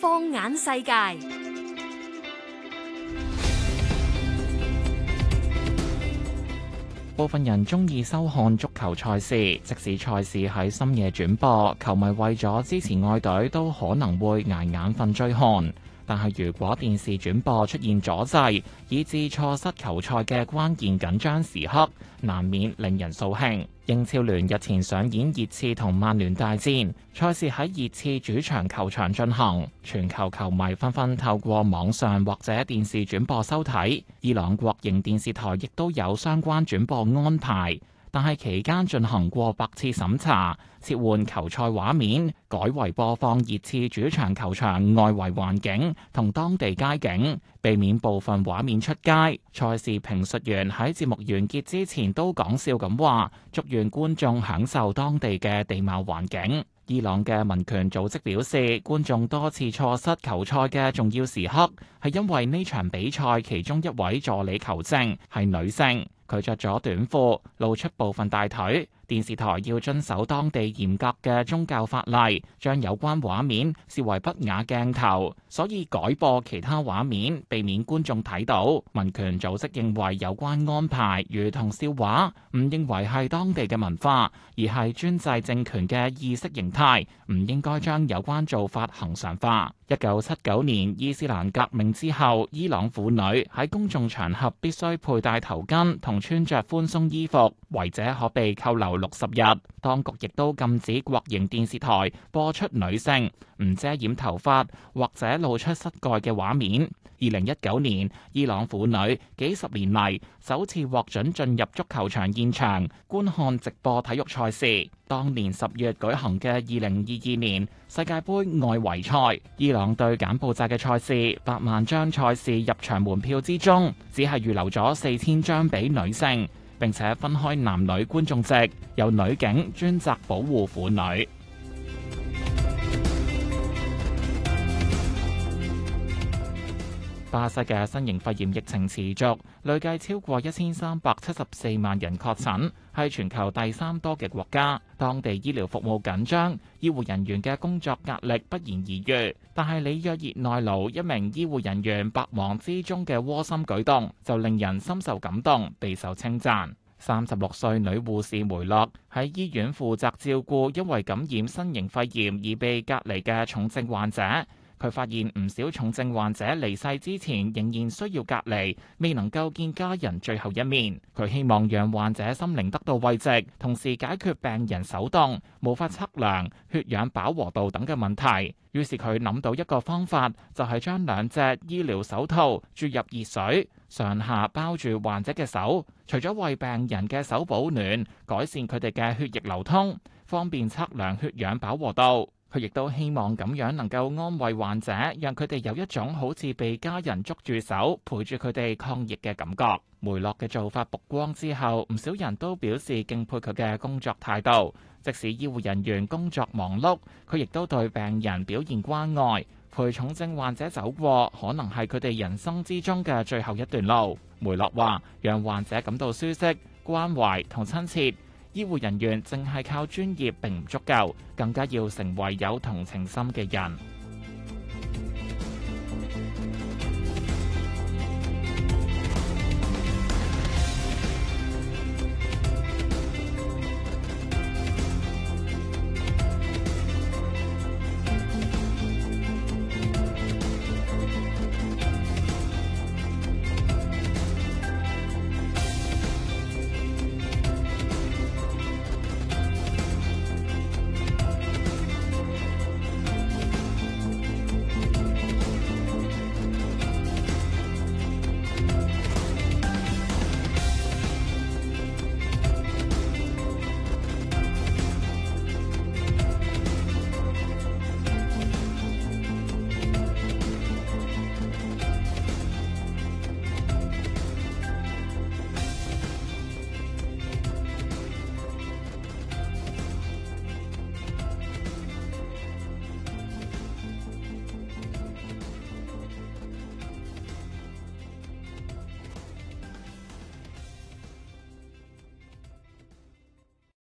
放眼世界，部分人鍾意收看足球賽事，即使賽事喺深夜轉播，球迷為咗支持外隊，都可能會捱眼瞓追看。但係，如果電視轉播出現阻滯，以致錯失球賽嘅關鍵緊張時刻，難免令人掃興。英超聯日前上演熱刺同曼聯大戰，賽事喺熱刺主場球場進行，全球球迷紛紛透過網上或者電視轉播收睇，伊朗國營電視台亦都有相關轉播安排。但係期間進行過百次審查，切換球賽畫面，改為播放熱刺主場球場外圍環境同當地街景，避免部分畫面出街。賽事評述員喺節目完結之前都講笑咁話，祝願觀眾享受當地嘅地貌環境。伊朗嘅民權組織表示，觀眾多次錯失球賽嘅重要時刻，係因為呢場比賽其中一位助理球證係女性。佢着咗短褲，露出部分大腿。電視台要遵守當地嚴格嘅宗教法例，將有關畫面視為不雅鏡頭，所以改播其他畫面，避免觀眾睇到。民權組織認為有關安排如同笑話，唔認為係當地嘅文化，而係專制政權嘅意識形態，唔應該將有關做法恆常化。一九七九年伊斯蘭革命之後，伊朗婦女喺公眾場合必須佩戴頭巾同穿着寬鬆衣服，違者可被扣留。六十日，當局亦都禁止國營電視台播出女性唔遮掩頭髮或者露出膝蓋嘅畫面。二零一九年，伊朗婦女幾十年嚟首次獲准進入足球場現場觀看直播體育賽事。當年十月舉行嘅二零二二年世界杯外圍賽，伊朗對柬埔寨嘅賽事，百萬張賽事入場門票之中，只係預留咗四千張俾女性。並且分開男女觀眾席，由女警專責保護婦女。巴西嘅新型肺炎疫情持續累計超過一千三百七十四萬人確診，係全球第三多嘅國家。當地醫療服務緊張，醫護人員嘅工作壓力不言而喻。但係里約熱內盧一名醫護人員百忙之中嘅窩心舉動就令人深受感動備受稱讚，三十六歲女護士梅洛喺醫院負責照顧因為感染新型肺炎而被隔離嘅重症患者。佢發現唔少重症患者離世之前仍然需要隔離，未能夠見家人最後一面。佢希望讓患者心靈得到慰藉，同時解決病人手凍、無法測量血氧飽和度等嘅問題。於是佢諗到一個方法，就係將兩隻醫療手套注入熱水，上下包住患者嘅手，除咗為病人嘅手保暖，改善佢哋嘅血液流通，方便測量血氧飽和度。佢亦都希望咁樣能夠安慰患者，讓佢哋有一種好似被家人捉住手，陪住佢哋抗疫嘅感覺。梅洛嘅做法曝光之後，唔少人都表示敬佩佢嘅工作態度。即使醫護人員工作忙碌，佢亦都對病人表現關愛，陪重症患者走過可能係佢哋人生之中嘅最後一段路。梅洛話，讓患者感到舒適、關懷同親切。醫護人員淨係靠專業並唔足夠，更加要成為有同情心嘅人。